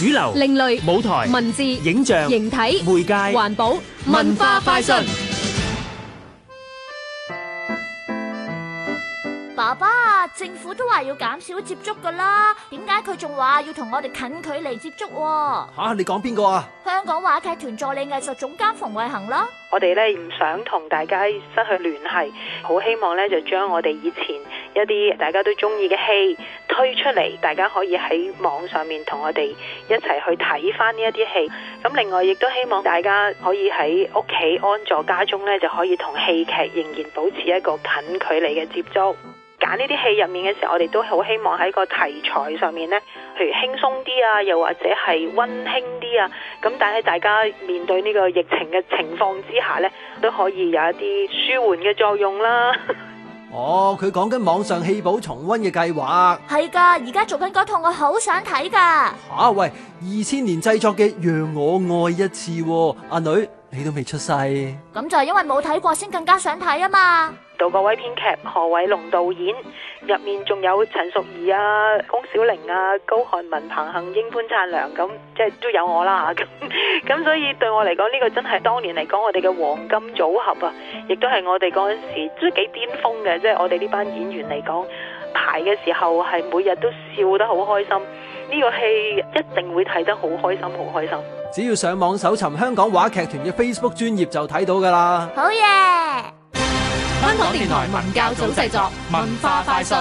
主流、另類舞台、文字、影像、形體、媒介、環保、文化快訊。爸爸，政府都話要減少接觸噶啦，點解佢仲話要同我哋近距離接觸？吓，你講邊個啊？香港話劇團助理藝術總監馮蔚衡啦。我哋咧唔想同大家失去聯繫，好希望咧就將我哋以前一啲大家都中意嘅戲。推出嚟，大家可以喺網上面同我哋一齊去睇翻呢一啲戲。咁另外亦都希望大家可以喺屋企安坐家中呢，就可以同戲劇仍然保持一個近距離嘅接觸。揀呢啲戲入面嘅時候，我哋都好希望喺個題材上面呢，譬如輕鬆啲啊，又或者係溫馨啲啊。咁但係大家面對呢個疫情嘅情況之下呢，都可以有一啲舒緩嘅作用啦。哦，佢講緊網上戲寶重溫嘅計劃，係噶，而家做緊嗰套我好想睇噶。吓、啊、喂，二千年製作嘅《讓我愛一次、啊》，阿女你都未出世，咁就係因為冇睇過先更加想睇啊嘛。到各位編劇何偉龍導演，入面仲有陳淑儀啊、龔小玲啊、高翰文、彭幸英、潘燦良咁，即係都有我啦。咁 咁所以對我嚟講，呢、這個真係當年嚟講我哋嘅黃金組合啊，亦都係我哋嗰陣時都幾巔峰嘅。即係我哋呢班演員嚟講，排嘅時候係每日都笑得好開心。呢、這個戲一定會睇得好開心，好開心。只要上網搜尋香港話劇團嘅 Facebook 專頁就睇到㗎喇。好耶！香港電台文教組製作，作《文化快訊》。